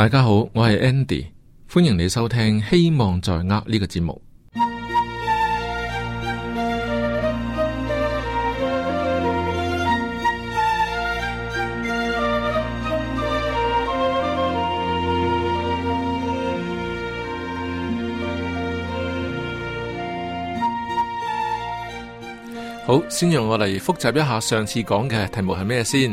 大家好，我係 Andy，歡迎你收聽《希望在握》呢個節目。 好，先讓我嚟複習一下上次講嘅題目係咩先？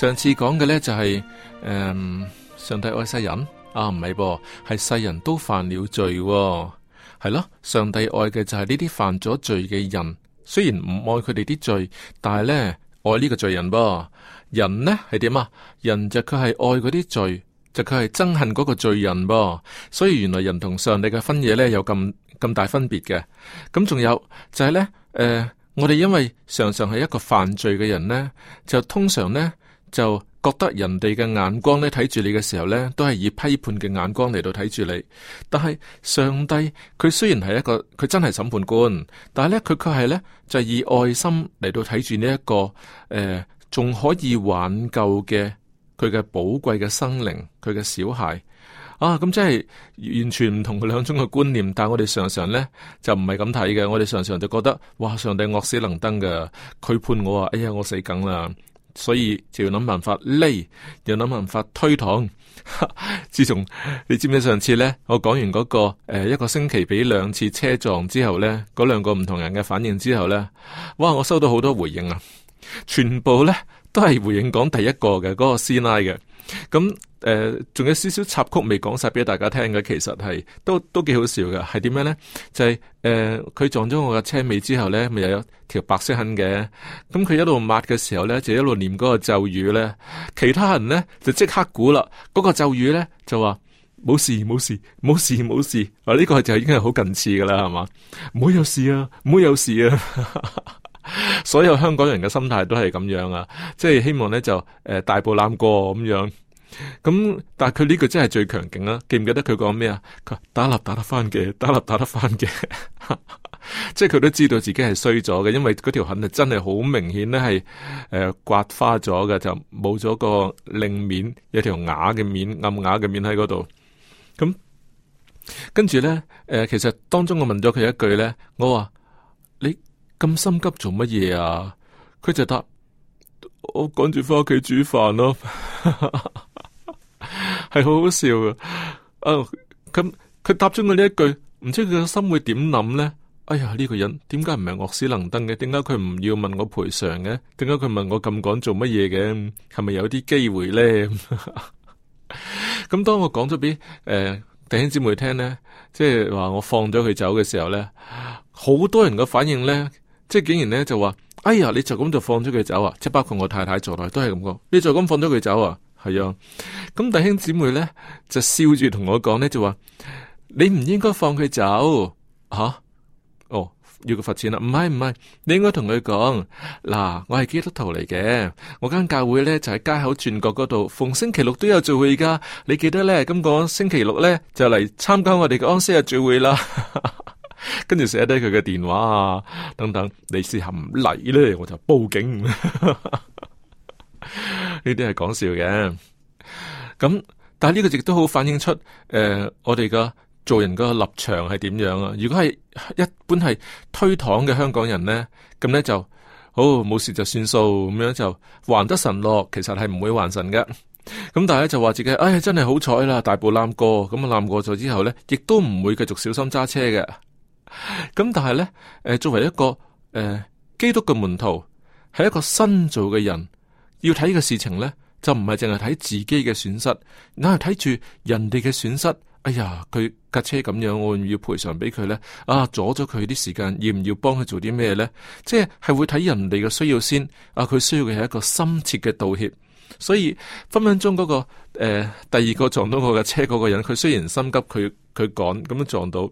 上次講嘅呢就係、是、誒。呃上帝愛世人？啊，唔係噃，係世人都犯了罪，喎，係咯？上帝愛嘅就係呢啲犯咗罪嘅人，雖然唔愛佢哋啲罪，但係呢，愛呢個罪人噃。人呢係點啊？人就佢係愛嗰啲罪，就佢、是、係憎恨嗰個罪人噃。所以原來人同上帝嘅分野呢，有咁咁大分別嘅。咁仲有就係、是、呢，誒、呃，我哋因為常常係一個犯罪嘅人呢，就通常呢，就。覺得人哋嘅眼光咧，睇住你嘅時候咧，都係以批判嘅眼光嚟到睇住你。但係上帝佢雖然係一個佢真係審判官，但係咧佢卻係咧就係、以愛心嚟到睇住呢一個誒仲、呃、可以挽救嘅佢嘅寶貴嘅生靈，佢嘅小孩啊，咁、嗯、即係完全唔同佢兩種嘅觀念。但係我哋常常咧就唔係咁睇嘅，我哋常常就覺得哇，上帝惡死能登噶，佢判我啊，哎呀，我死梗啦。所以就要諗辦法匿，要諗辦法推搪。 自從你知唔知上次呢？我講完嗰、嗰個誒、呃、一個星期畀兩次車撞之後呢，嗰兩個唔同人嘅反應之後呢，哇！我收到好多回應啊，全部呢都係回應講第一個嘅嗰、嗰個師奶嘅。.咁誒，仲、呃、有少少插曲未講晒俾大家聽嘅，其實係都都幾好笑嘅。係點樣咧？就係、是、誒，佢、呃、撞咗我嘅車尾之後咧，咪又有條白色痕嘅。咁佢一路抹嘅時候咧，就一路念嗰個咒語咧。其他人咧就即刻估啦。嗰、那個咒語咧就話冇事冇事冇事冇事。啊，呢、這個就已經係好近似噶啦，係嘛？唔好有事啊，唔好有事啊。 所有香港人嘅心態都係咁樣啊，即係希望咧就誒、呃、大步攬過咁樣。咁但係佢呢個真係最強勁啦、啊。記唔記得佢講咩啊？佢打立打得翻嘅，打立打得翻嘅，打打 即係佢都知道自己係衰咗嘅，因為嗰條痕係真係好明顯咧，係誒、呃、刮花咗嘅，就冇咗個令面有條瓦嘅面暗瓦嘅面喺嗰度。咁跟住咧，誒、呃，其實當中我問咗佢一句咧，我話你。咁心急做乜嘢啊？佢就答：我趕住翻屋企煮飯咯，係 好好笑啊，咁佢答咗我呢一句，唔知佢個心會點諗咧？哎呀，呢、這個人點解唔係惡死能登嘅？點解佢唔要問我賠償嘅？點解佢問我咁趕做乜嘢嘅？係咪有啲機會咧？咁 當我講咗俾誒弟兄姊妹聽咧，即係話我放咗佢走嘅時候咧，好多人嘅反應咧。即係竟然咧就話，哎呀，你就咁就放咗佢走啊！即係包括我太太在內都係咁講，你就咁放咗佢走啊？係啊，咁弟兄姊妹咧就笑住同我講咧就話，你唔應該放佢走吓，啊，哦要佢罰錢啦！唔係唔係，你應該同佢講，嗱，我係基督徒嚟嘅，我間教會咧就喺街口轉角嗰度，逢星期六都有聚會噶，你記得咧今個星期六咧就嚟參加我哋嘅安息日聚會啦。 跟住寫低佢嘅電話啊，等等，你試下唔嚟？咧，我就報警。呢啲係講笑嘅。咁但係呢個亦都好反映出，誒、呃，我哋嘅做人嘅立場係點樣啊？如果係一般係推搪嘅香港人咧，咁咧就好，冇事就算數，咁樣就還得神落，其實係唔會還神嘅。咁但係咧就話自己，唉、哎，真係好彩啦，大步攬過，咁攬過咗之後咧，亦都唔會繼續小心揸車嘅。咁但係咧，誒，作為一個誒、呃、基督嘅門徒，係一個新造嘅人，要睇嘅事情咧，就唔係淨係睇自己嘅損失，硬係睇住人哋嘅損失。哎呀，佢架車咁樣，我唔要賠償俾佢咧。啊，阻咗佢啲時間，要唔要幫佢做啲咩咧？即係係會睇人哋嘅需要先。啊，佢需要嘅係一個深切嘅道歉。所以分分鐘嗰、那個誒、呃、第二個撞到我嘅車嗰個人，佢雖然心急，佢佢趕咁樣撞到，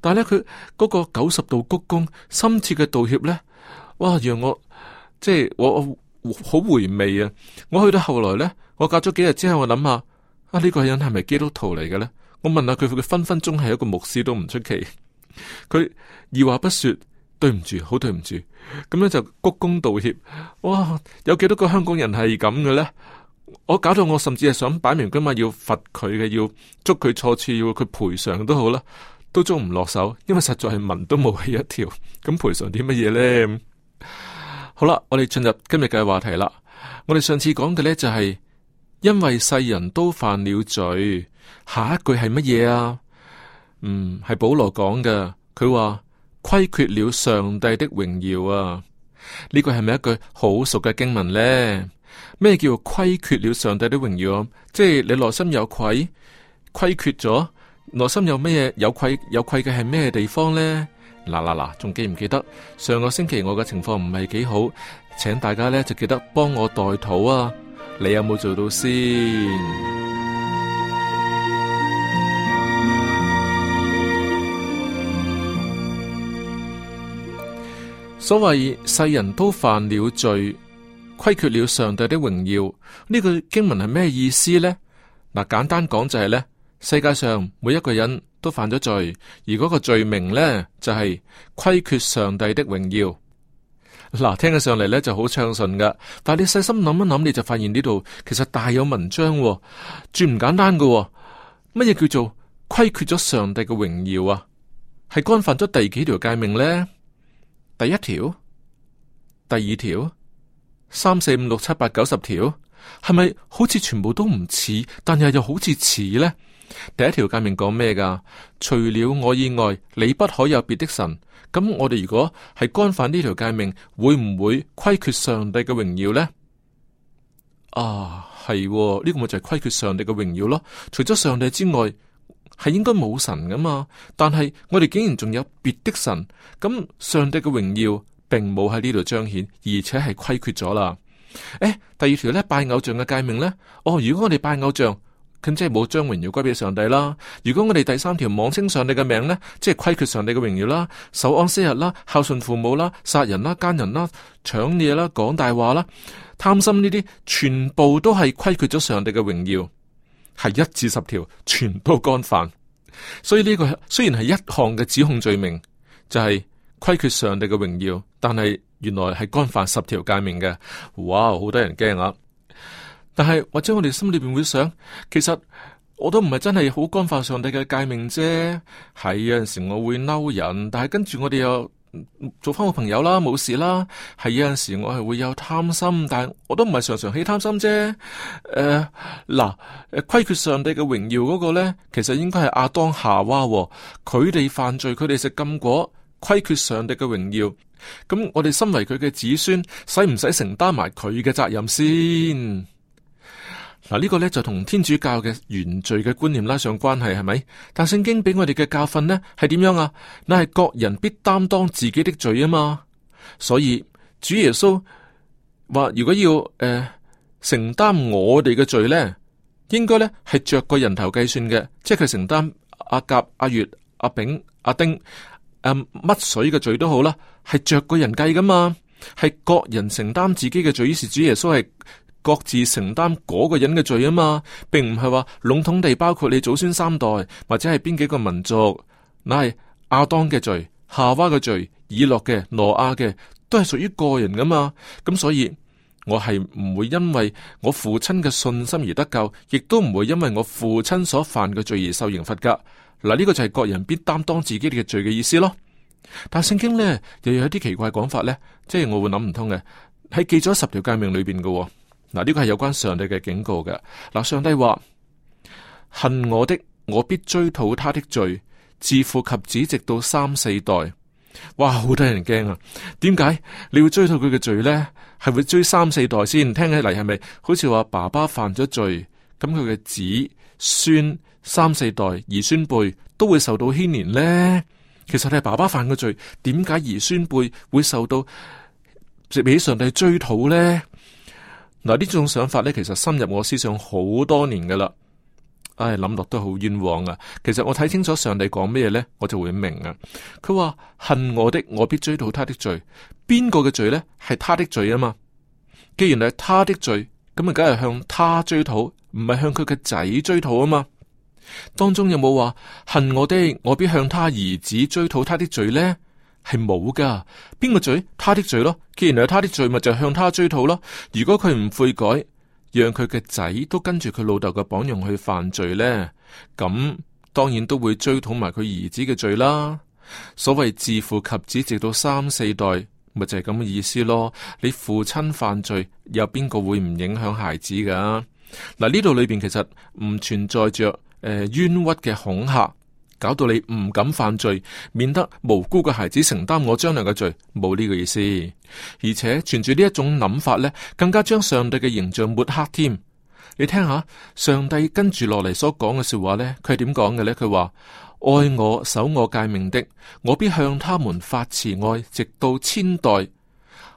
但係咧佢嗰個九十度鞠躬、深切嘅道歉咧，哇！讓我即係我我好回味啊！我去到後來咧，我隔咗幾日之後，我諗下啊呢、這個人係咪基督徒嚟嘅咧？我問下佢，佢分分鐘係一個牧師都唔出奇，佢二話不說。對唔住，好對唔住，咁樣就鞠躬道歉。哇，有幾多個香港人係咁嘅呢？我搞到我甚至係想擺明今日要罰佢嘅，要捉佢錯處，要佢賠償都好啦，都捉唔落手，因為實在係文都冇氣一條。咁賠償啲乜嘢呢？好啦，我哋進入今日嘅話題啦。我哋上次講嘅呢，就係因為世人都犯了罪，下一句係乜嘢啊？嗯，係保羅講嘅，佢話。虧缺了上帝的榮耀啊！呢個係咪一句好熟嘅經文呢？咩叫虧缺了上帝的榮耀啊？即係你內心有愧，虧缺咗內心有咩？有愧，有愧嘅係咩地方呢？嗱嗱嗱！仲記唔記得上個星期我嘅情況唔係幾好，請大家呢就記得幫我代禱啊！你有冇做到先？所謂世人都犯了罪，虧缺了上帝的榮耀，呢、這、句、個、經文係咩意思呢？嗱，簡單講就係、是、咧，世界上每一個人都犯咗罪，而嗰個罪名呢，就係虧缺上帝的榮耀。嗱，聽起上嚟呢就好暢順噶，但係你細心諗一諗，你就發現呢度其實大有文章、哦，絕唔簡單噶、哦。乜嘢叫做虧缺咗上帝嘅榮耀啊？係干犯咗第幾條誡命呢？第一條、第二條、三四五六七八九十條，係咪好似全部都唔似，但又又好似似呢？第一條誡命講咩㗎？除了我以外，你不可有別的神。咁我哋如果係干犯呢條誡命，會唔會虧缺上帝嘅榮耀呢？啊，係呢、呢個咪就係虧缺上帝嘅榮耀咯。除咗上帝之外。係應該冇神噶嘛？但係我哋竟然仲有別的神，咁上帝嘅榮耀並冇喺呢度彰顯，而且係虧缺咗啦。誒、欸，第二條咧，拜偶像嘅誡命咧，哦，如果我哋拜偶像，咁即係冇將榮耀歸俾上帝啦。如果我哋第三條妄稱上帝嘅名咧，即係虧缺上帝嘅榮耀啦，守安息日啦，孝順父母啦，殺人啦，奸人啦，搶嘢啦，講大話啦，貪心呢啲，全部都係虧缺咗上帝嘅榮耀。係一至十條全都干犯，所以呢個雖然係一項嘅指控罪名，就係虧缺上帝嘅榮耀，但係原來係干犯十條誡命嘅，哇，好多人驚啊！但係或者我哋心裏邊會想，其實我都唔係真係好干犯上帝嘅誡命啫，係有陣時我會嬲人，但係跟住我哋又。做翻個朋友啦，冇事啦。係有陣時我係會有貪心，但係我都唔係常常起貪心啫。誒、呃，嗱，虧缺上帝嘅榮耀嗰個咧，其實應該係阿當夏娃、哦，佢哋犯罪，佢哋食禁果，虧缺上帝嘅榮耀。咁我哋身為佢嘅子孫，使唔使承擔埋佢嘅責任先？嗱，呢個咧就同天主教嘅原罪嘅觀念拉上關係，係咪？但聖經俾我哋嘅教訓呢，係點樣啊？嗱，係各人必擔當自己的罪啊嘛，所以主耶穌話如果要誒、呃、承擔我哋嘅罪呢，應該呢係着個人頭計算嘅，即係佢承擔阿甲、阿乙、阿丙、阿丁誒、啊、乜水嘅罪都好啦，係着個人計噶嘛，係各人承擔自己嘅罪，於是主耶穌係。各自承擔嗰個人嘅罪啊嘛，並唔係話籠統地包括你祖孫三代或者係邊幾個民族。乃係亞當嘅罪、夏娃嘅罪、以諾嘅、挪亞嘅，都係屬於個人噶嘛。咁所以我係唔會因為我父親嘅信心而得救，亦都唔會因為我父親所犯嘅罪而受刑罰噶。嗱，呢個就係各人必擔當自己嘅罪嘅意思咯。但聖經呢，又有啲奇怪講法呢，即係我會諗唔通嘅，喺記咗十條誡命裏邊嘅、哦。嗱，呢個係有關上帝嘅警告嘅。嗱，上帝話：恨我的，我必追討他的罪，自父及子直到三四代。哇，好得人驚啊！點解你會追討佢嘅罪呢？係會追三四代先？聽起嚟係咪好似話爸爸犯咗罪，咁佢嘅子孫三四代兒孫輩都會受到牽連呢？其實你係爸爸犯嘅罪，點解兒孫輩會受到直畀上帝追討呢？嗱，呢種想法咧，其實深入我思想好多年噶啦。唉，諗落都好冤枉啊！其實我睇清楚上帝講咩咧，我就會明啊。佢話恨我的，我必追討他的罪。邊個嘅罪咧？係他的罪啊嘛。既然係他的罪，咁啊，梗係向他追討，唔係向佢嘅仔追討啊嘛。當中有冇話恨我的，我必向他兒子追討他的罪咧？係冇噶，邊個罪？他的罪咯。既然有他的罪，咪就向他追討咯。如果佢唔悔改，讓佢嘅仔都跟住佢老豆嘅榜樣去犯罪呢，咁當然都會追討埋佢兒子嘅罪啦。所謂自父及子，直到三四代，咪就係咁嘅意思咯。你父親犯罪，有邊個會唔影響孩子噶？嗱，呢度裏邊其實唔存在着誒、呃、冤屈嘅恐嚇。搞到你唔敢犯罪，免得無辜嘅孩子承擔我將來嘅罪，冇呢個意思。而且存住呢一種諗法咧，更加將上帝嘅形象抹黑添。你聽下，上帝跟住落嚟所講嘅說話咧，佢係點講嘅咧？佢話，愛我、守我誡命的，我必向他們發慈愛，直到千代。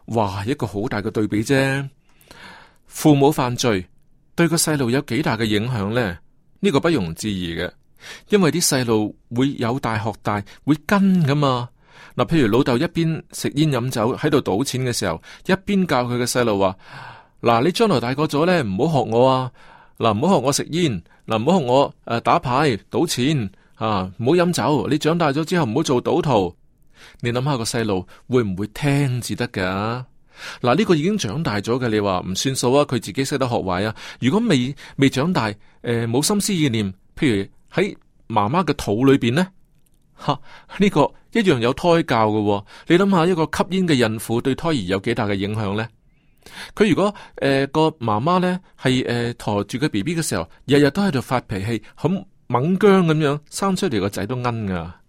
哇，一個好大嘅對比啫。父母犯罪對個細路有幾大嘅影響咧？呢、呢個不容置疑嘅。因為啲細路會有大學大會跟噶嘛嗱、啊，譬如老豆一邊食煙飲酒喺度賭錢嘅時候，一邊教佢嘅細路話：嗱、啊，你將來大個咗咧，唔好學我啊！嗱、啊，唔好學我食煙，嗱、啊，唔好學我誒、啊、打牌賭錢啊！唔好飲酒，你長大咗之後唔好做賭徒。你諗下個細路會唔會聽至得噶？嗱、啊，呢個已經長大咗嘅，你話唔算數啊？佢自己識得學壞啊！如果未未長大，誒冇心思意念，譬如。喺媽媽嘅肚裏邊呢，吓、啊、呢、呢個一樣有胎教嘅、哦。你諗下一個吸煙嘅孕婦對胎兒有幾大嘅影響呢？佢如果誒、呃、個媽媽咧係誒馱住個 B B 嘅時候，日日都喺度發脾氣，咁猛薑咁樣，生出嚟個仔都奀噶。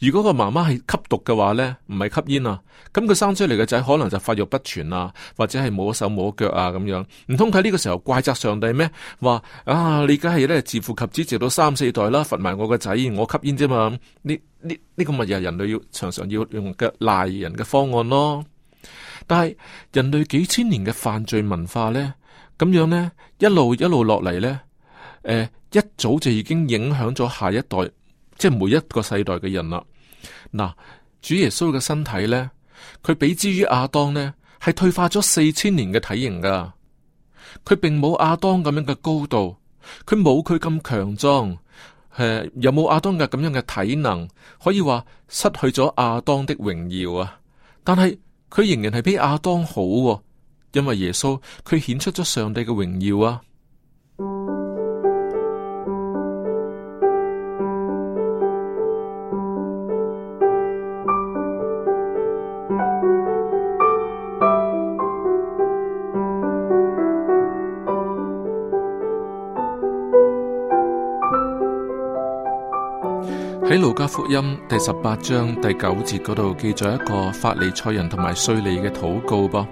如果個媽媽係吸毒嘅話呢，唔係吸煙啊，咁佢生出嚟嘅仔可能就發育不全啊，或者係摸手摸腳啊咁樣，唔通佢呢個時候怪責上帝咩？話啊，你梗係咧自父及子，直到三四代啦，啊，罰埋我個仔，我吸煙啫嘛？呢呢呢個咪又係人類要常常要用嘅賴人嘅方案咯。但係人類幾千年嘅犯罪文化呢，咁樣呢，一路一路落嚟呢，誒、呃，一早就已經影響咗下一代。即係每一個世代嘅人啦、啊，嗱，主耶穌嘅身體咧，佢比之於亞當呢，係退化咗四千年嘅體型噶，佢並冇亞當咁樣嘅高度，佢冇佢咁強壯，誒，又冇亞當嘅咁樣嘅體能，可以話失去咗亞當的榮耀啊，但係佢仍然係比亞當好、啊，因為耶穌佢顯出咗上帝嘅榮耀啊。家福音》第十八章第九節，嗰度記載一個法利賽人同埋瑞利嘅禱告。噃。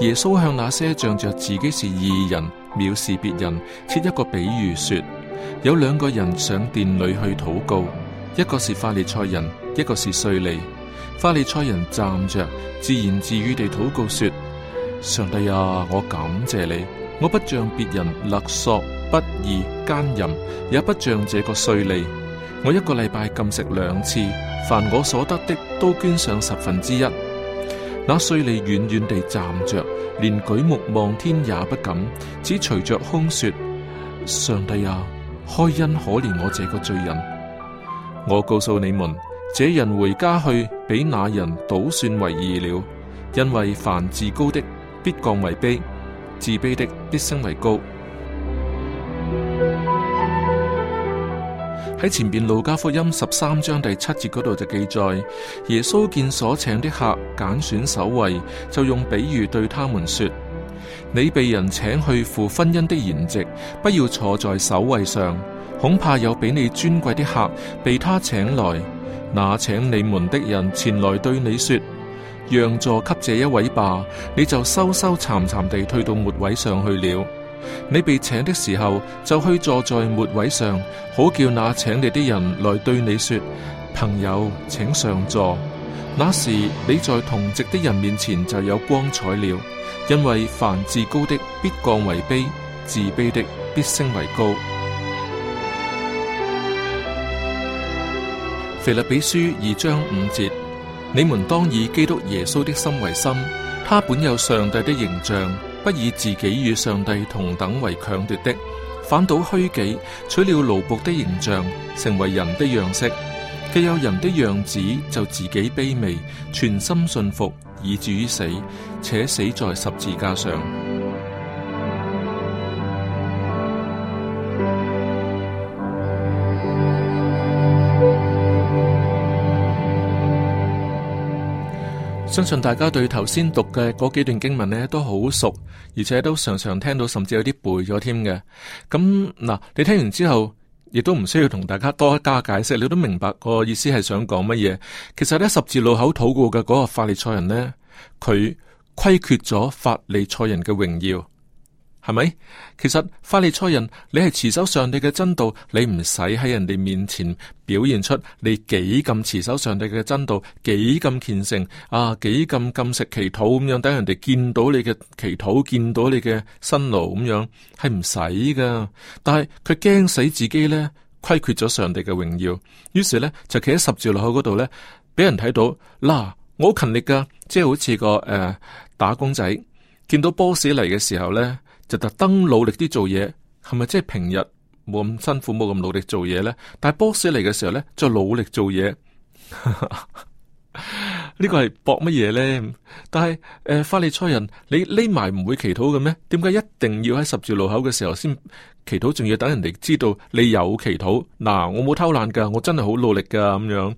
耶穌向那些仗着自己是義人藐視別人，設一個比喻說：有兩個人上殿裏去禱告，一個是法利賽人，一個是瑞利。」法利賽人站着自言自語地禱告說：上帝呀、啊，我感謝你，我不像別人勒索、不義、奸淫，也不像這個瑞利。我一個禮拜禁食兩次，凡我所得的都捐上十分之一。那稅吏遠遠地站着，連舉目望天也不敢，只隨着空說：上帝啊，開恩可憐我這個罪人！我告訴你們，這人回家去，比那人倒算為義了，因為凡自高的必降為卑，自卑的必升為高。喺前面路加福音十三章第七節嗰度就記載，耶穌見所請的客揀選首位，就用比喻對他們說：你被人請去赴婚姻的筵席，不要坐在首位上，恐怕有比你尊貴的客被他請來，那請你們的人前來對你說：讓座給這一位吧，你就羞羞慚慚地退到末位上去了。你被請的時候，就去坐在末位上，好叫那請你的人來對你說：朋友，請上座。那時你在同席的人面前就有光彩了，因為凡自高的必降為卑，自卑的必升為高。腓 立比書二章五節：你們當以基督耶穌的心為心，他本有上帝的形象。不以自己與上帝同等為強奪的，反倒虛己，取了奴僕的形象，成為人的樣式。既有人的樣子，就自己卑微，全心信服，以至於死，且死在十字架上。相信大家對頭先讀嘅嗰幾段經文呢都好熟，而且都常常聽到，甚至有啲背咗添嘅。咁嗱，你聽完之後，亦都唔需要同大家多加解釋，你都明白個意思係想講乜嘢。其實呢十字路口禱告嘅嗰個法利賽人呢，佢虧缺咗法利賽人嘅榮耀。係咪？其實法利賽人，你係持守上帝嘅真道，你唔使喺人哋面前表現出你幾咁持守上帝嘅真道，幾咁虔誠啊，幾咁禁食祈禱咁樣，等人哋見到你嘅祈禱，見到你嘅辛勞咁樣係唔使噶。但係佢驚死自己呢，虧缺咗上帝嘅榮耀，於是呢，就企喺十字路口嗰度呢，俾人睇到嗱，我好勤力噶，即係好似個誒、呃、打工仔見到波士嚟嘅時候呢。」就特登努力啲做嘢，係咪即係平日冇咁辛苦、冇咁努力做嘢咧？但係 boss 嚟嘅時候咧，就努力做嘢。 個呢個係博乜嘢咧？但係誒、呃，法利賽人，你匿埋唔會祈禱嘅咩？點解一定要喺十字路口嘅時候先祈禱？仲要等人哋知道你有祈禱？嗱，我冇偷懶噶，我真係好努力噶咁樣。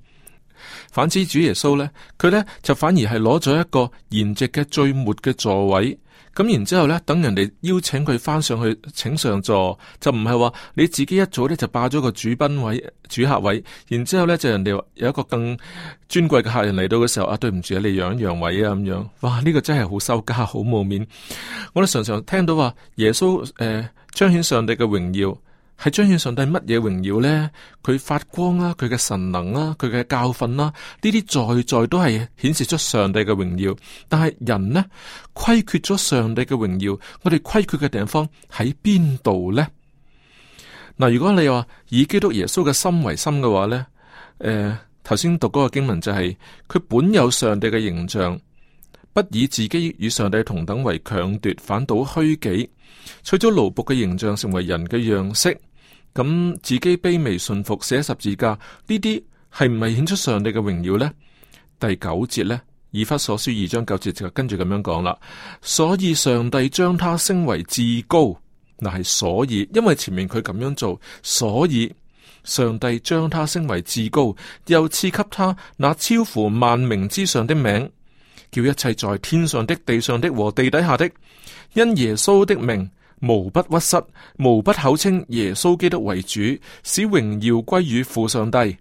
反之，主耶穌咧，佢咧就反而係攞咗一個筵席嘅最末嘅座位。咁然之後咧，等人哋邀請佢翻上去請上座，就唔係話你自己一早咧就霸咗個主賓位、主客位，然之後咧就人哋話有一個更尊貴嘅客人嚟到嘅時候啊，對唔住啊，你讓一讓位啊咁樣，哇！呢、這個真係好羞家，好冇面。我哋常常聽到話耶穌誒、呃、彰顯上帝嘅榮耀。係彰顯上帝乜嘢榮耀呢？佢發光啦、啊，佢嘅神能啦、啊，佢嘅教訓啦、啊，呢啲在在都係顯示出上帝嘅榮耀。但係人呢？虧缺咗上帝嘅榮耀，我哋虧缺嘅地方喺邊度呢？嗱，如果你話以基督耶穌嘅心為心嘅話呢，誒、呃，頭先讀嗰個經文就係、是、佢本有上帝嘅形象，不以自己與上帝同等為強奪，反倒虛己，取咗奴僕嘅形象，成為人嘅樣式。咁自己卑微順服，寫十字架呢啲係唔係顯出上帝嘅榮耀呢？第九節呢，以弗所書二章九節就跟住咁樣講啦。所以上帝將他升為至高，嗱係所以，因為前面佢咁樣做，所以上帝將他升為至高，又賜給他那超乎萬名之上的名，叫一切在天上的、地上的和地底下的，因耶穌的名。無不屈膝，無不口稱耶穌基督為主，使榮耀歸於父上帝。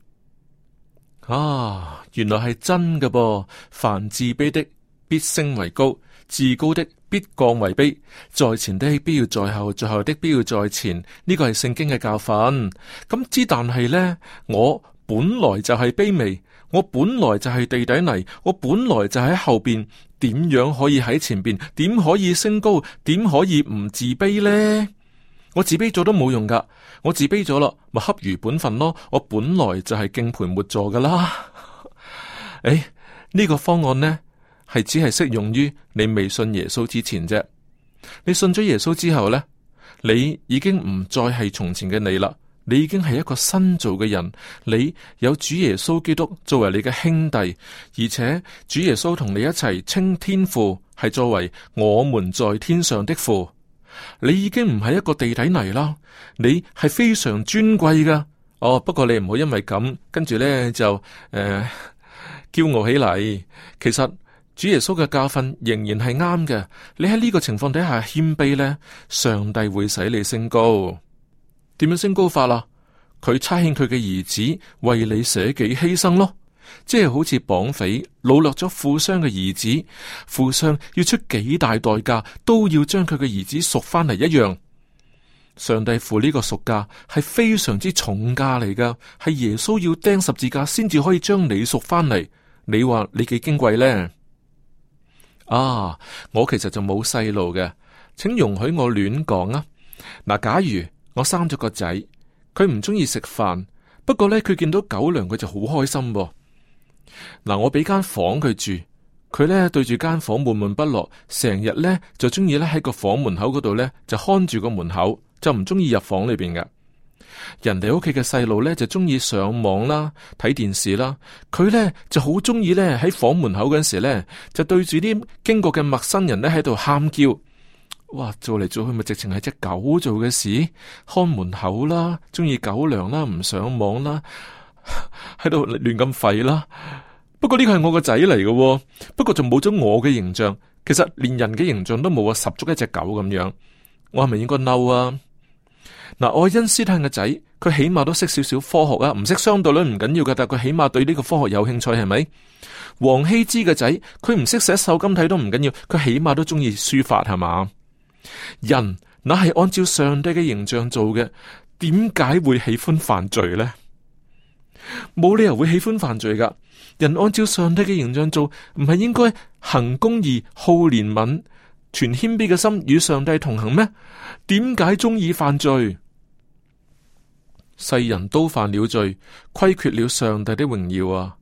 啊，原來係真嘅噃！凡自卑的必升為高，自高的必降為卑。在前的必要在後，在後的必要在前。呢個係聖經嘅教訓。咁之但係呢，我本來就係卑微，我本來就係地底泥，我本來就喺後邊。點樣可以喺前面？點可以升高？點可以唔自卑呢？我自卑咗都冇用噶，我自卑咗咯，咪恰如本分咯。我本來就係敬陪末座噶啦。誒、 哎、呢、呢個方案呢係只係適用於你未信耶穌之前啫。你信咗耶穌之後呢，你已經唔再係從前嘅你啦。你已經係一個新造嘅人，你有主耶穌基督作為你嘅兄弟，而且主耶穌同你一齊稱天父係作為我們在天上的父。你已經唔係一個地底泥啦，你係非常尊貴噶。哦，不過你唔好因為咁跟住呢，就誒驕傲起嚟。其實主耶穌嘅教訓仍然係啱嘅。你喺呢個情況底下謙卑呢，上帝會使你升高。點樣升高法啦，啊？佢差遣佢嘅兒子為你捨己犧牲咯，即係好似綁匪擄掠咗富商嘅兒子，富商要出幾大代價都要將佢嘅兒子贖翻嚟一樣。上帝付呢個贖價係非常之重價嚟噶，係耶穌要釘十字架先至可以將你贖翻嚟。你話你幾矜貴呢？啊，我其實就冇細路嘅，請容許我亂講啊。嗱，啊，假如。我生咗個仔，佢唔中意食飯，不過呢，佢見到狗糧佢就好開心啊。嗱，我俾間房佢住，佢呢對住間房悶悶不樂，成日呢就中意咧喺個房門口嗰度呢，就看住個門口，就唔中意入房裏邊嘅。人哋屋企嘅細路呢，就中意上網啦、睇電視啦，佢呢就好中意呢喺房門口嗰時呢，就對住啲經過嘅陌生人呢喺度喊叫。哇，做嚟做去咪直情係隻狗做嘅事，看門口啦，中意狗糧啦，唔上網啦，喺度亂咁吠啦。不過呢個係我個仔嚟嘅，不過就冇咗我嘅形象。其實連人嘅形象都冇啊，十足一隻狗咁樣。我係咪應該嬲啊？嗱、呃，愛因斯坦嘅仔，佢起碼都識少少科學啊，唔識相對論唔緊要噶，但係佢起碼對呢個科學有興趣係咪？王羲之嘅仔，佢唔識寫瘦金體都唔緊要，佢起碼都中意書法係嘛？人那係按照上帝嘅形象做嘅，點解會喜歡犯罪呢？冇理由會喜歡犯罪噶。人按照上帝嘅形象做，唔係應該行公義、好憐憫、存謙卑嘅心，與上帝同行咩？點解中意犯罪？世人都犯了罪，虧缺了上帝的榮耀啊！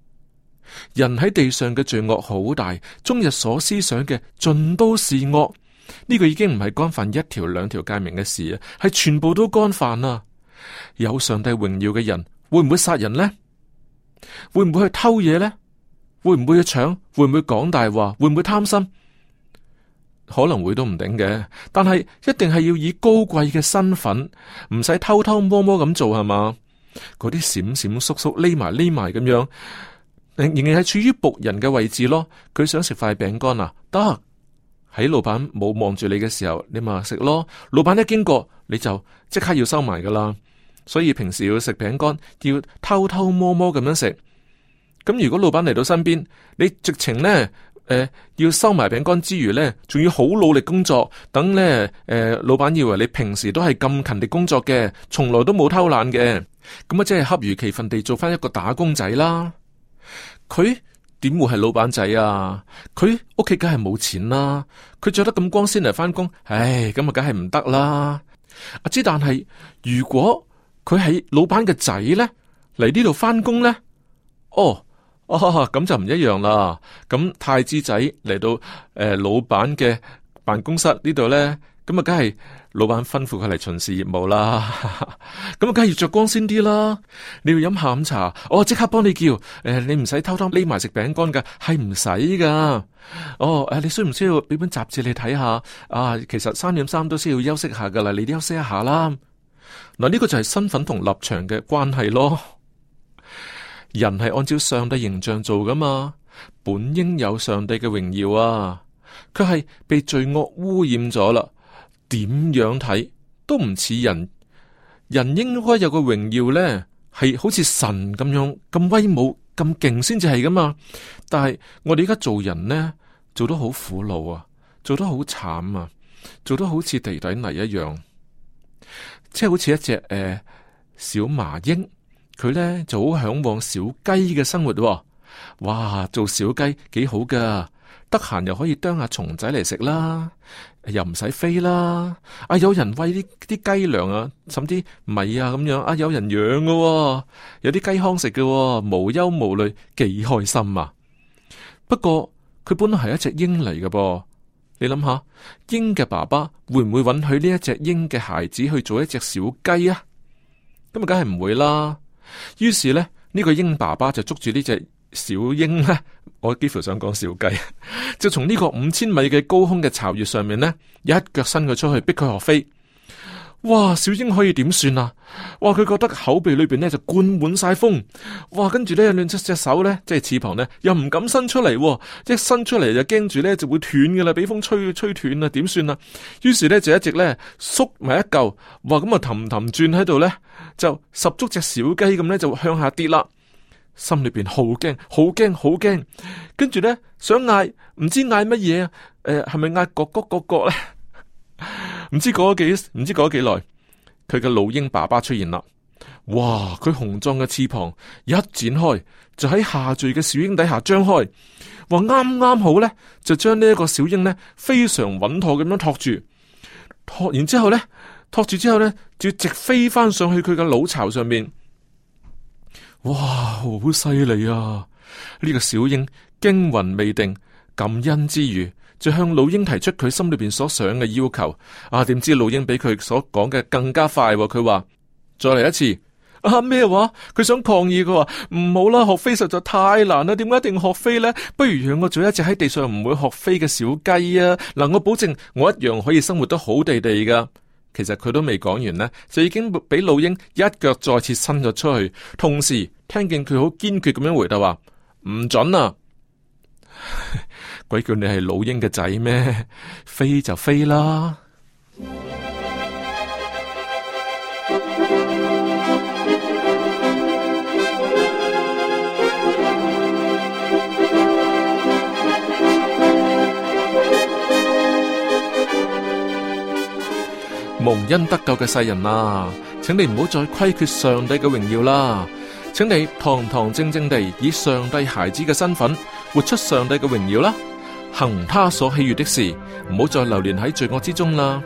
人喺地上嘅罪惡好大，終日所思想嘅盡都是惡。呢個已經唔係干犯一條兩條誡命嘅事啊，係全部都干犯啊！有上帝榮耀嘅人會唔會殺人呢？會唔會去偷嘢呢？會唔會去搶？會唔會講大話？會唔會貪心？可能會都唔定嘅，但係一定係要以高貴嘅身份，唔使偷偷摸摸咁做係嘛？嗰啲閃閃縮縮匿埋匿埋咁樣，仍然係處於僕人嘅位置咯。佢想食塊餅乾啊，得。喺老闆冇望住你嘅時候，你咪食咯。老闆一經過，你就即刻要收埋噶啦。所以平時要食餅乾，要偷偷摸摸咁樣食。咁如果老闆嚟到身邊，你直情呢，誒、呃、要收埋餅乾之餘呢，仲要好努力工作，等呢誒、呃、老闆以為你平時都係咁勤力工作嘅，從來都冇偷懶嘅。咁啊，即係恰如其分地做翻一個打工仔啦。佢。點會係老闆仔啊？佢屋企梗係冇錢啦，佢着得咁光鮮嚟翻工，唉，咁啊梗係唔得啦。阿芝，但係如果佢係老闆嘅仔咧，嚟呢度翻工咧，哦，啊、哦、咁就唔一樣啦。咁太子仔嚟到誒、呃，老闆嘅辦公室呢度咧。咁啊，梗係老闆吩咐佢嚟巡視業務啦。咁啊，梗係要着光鮮啲啦。你要飲下午茶？哦，我即刻幫你叫。誒、呃，你唔使偷偷匿埋食餅乾噶，係唔使噶。哦，誒，你需唔需要俾本雜誌你睇下？啊，其實三點三都需要休息下噶啦，你都休息一下啦。嗱，呢個就係身份同立場嘅關係咯。人係按照上帝形象做噶嘛，本應有上帝嘅榮耀啊，佢係被罪惡污染咗啦。點樣睇都唔似人，人應該有個榮耀呢，係好似神咁樣咁威武，咁勁先至係噶嘛。但係我哋而家做人呢，做得好苦惱啊，做得好慘啊，做得好似地底泥一樣，即係好似一隻誒、呃、小麻鷹，佢呢就好向往小雞嘅生活，啊。哇，做小雞幾好噶、啊、～得閒又可以啄下蟲仔嚟食啦，又唔使飛啦。啊，有人餵啲啲雞糧啊，甚至米啊咁樣。啊，有人養噶、啊，有啲雞糠食噶，無憂無慮，幾開心啊！不過佢本來係一隻鷹嚟噶噃，你諗下，鷹嘅爸爸會唔會允許呢一隻鷹嘅孩子去做一隻小雞啊？咁啊，梗係唔會啦。於是咧，呢、這個鷹爸爸就捉住呢隻。小鷹，咧，我幾乎想講小雞， 就從呢個五千米嘅高空嘅巢穴上面咧，一腳伸佢出去，逼佢學飛。哇！小鷹可以點算啊？哇！佢覺得口鼻裏邊咧就灌滿晒風。哇！跟住呢，有兩七隻手呢，即係翅膀呢，又唔敢伸出嚟、啊，一伸出嚟就驚住呢就會斷噶啦，俾風吹吹斷啦，點算啊？於是呢，就一直呢，縮埋一嚿。哇！咁啊，氹氹轉喺度呢，就十足隻小雞咁呢，就向下跌啦。心裏邊好驚，好驚，好驚，跟住咧想嗌，唔知嗌乜嘢啊？誒、呃，係咪嗌哥哥哥哥咧？唔 知過咗幾唔知過咗幾耐，佢嘅老鷹爸爸出現啦！哇，佢雄壯嘅翅膀一展開，就喺下墜嘅小鷹底下張開，話啱啱好咧，就將呢一個小鷹呢，非常穩妥咁樣托住，托然之後咧，托住之後咧，就直飛翻上去佢嘅老巢上面。哇，好犀利啊！呢、這個小鷹，驚魂未定，感恩之餘，就向老鷹提出佢心裏邊所想嘅要求。啊，點知老鷹比佢所講嘅更加快、啊？佢話再嚟一次。啊，咩話？佢想抗議。佢話唔好啦，學飛實在太難啦、啊。點解一定要學飛呢？不如養我做一隻喺地上唔會學飛嘅小雞啊！嗱，我保證我一樣可以生活得好地地噶。其實佢都未講完呢，就已經俾老鷹一腳再次伸咗出去，同時。聽見佢好堅決咁樣回答話唔准啊！ 鬼叫你係老鷹嘅仔咩？ 飛就飛啦！ 蒙恩得救嘅世人啊，請你唔好再虧缺上帝嘅榮耀啦！請你堂堂正正地以上帝孩子嘅身份活出上帝嘅榮耀啦，行他所喜悦的事，唔好再流連喺罪惡之中啦。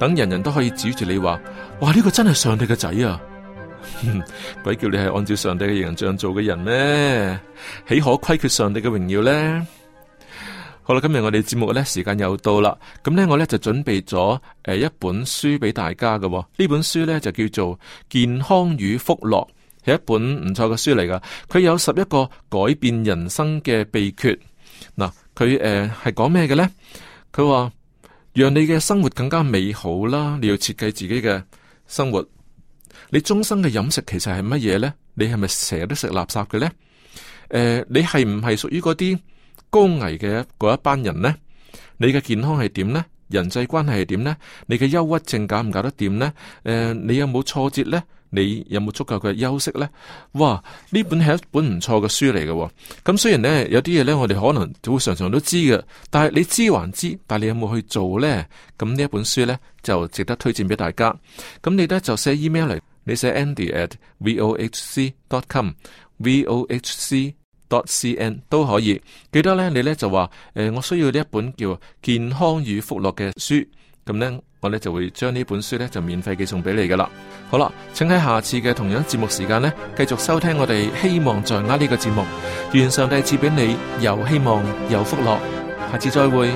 等人人都可以指住你話：哇，呢個真係上帝嘅仔啊！ 鬼叫你係按照上帝嘅形象做嘅人呢？豈可虧缺上帝嘅榮耀呢？好啦，今日我哋節目呢時間又到啦，咁呢，我呢就準備咗誒、呃、一本書俾大家嘅、哦，呢本書呢，就叫做《健康與福樂》。有一本唔錯嘅書嚟噶，佢有十一個改變人生嘅秘訣。嗱，佢誒係講咩嘅呢？佢話：「讓你嘅生活更加美好啦，你要設計自己嘅生活。你終生嘅飲食其實係乜嘢呢？你係咪成日都食垃圾嘅呢？誒、呃，你係唔係屬於嗰啲高危嘅嗰一班人呢？你嘅健康係點呢？人際關係係點呢？你嘅憂鬱症搞唔搞得掂呢？誒、呃，你有冇挫折呢？」你有冇足夠嘅休息呢？哇！呢本係一本唔錯嘅書嚟嘅、哦，咁雖然呢，有啲嘢呢，我哋可能就會常常都知嘅，但係你知還知，但係你有冇去做呢？咁呢一本書呢，就值得推薦俾大家。咁你呢，就寫 email 嚟，你寫 andy at vohc dot com vohc dot cn 都可以。記得呢，你呢就話誒、呃，我需要呢一本叫《健康與福樂》嘅書，咁呢。我咧就會將呢本書咧就免費寄送俾你噶啦。好啦，請喺下次嘅同樣節目時間呢，繼續收聽我哋希望在握呢個節目，願上帝賜俾你有希望有福樂。下次再會。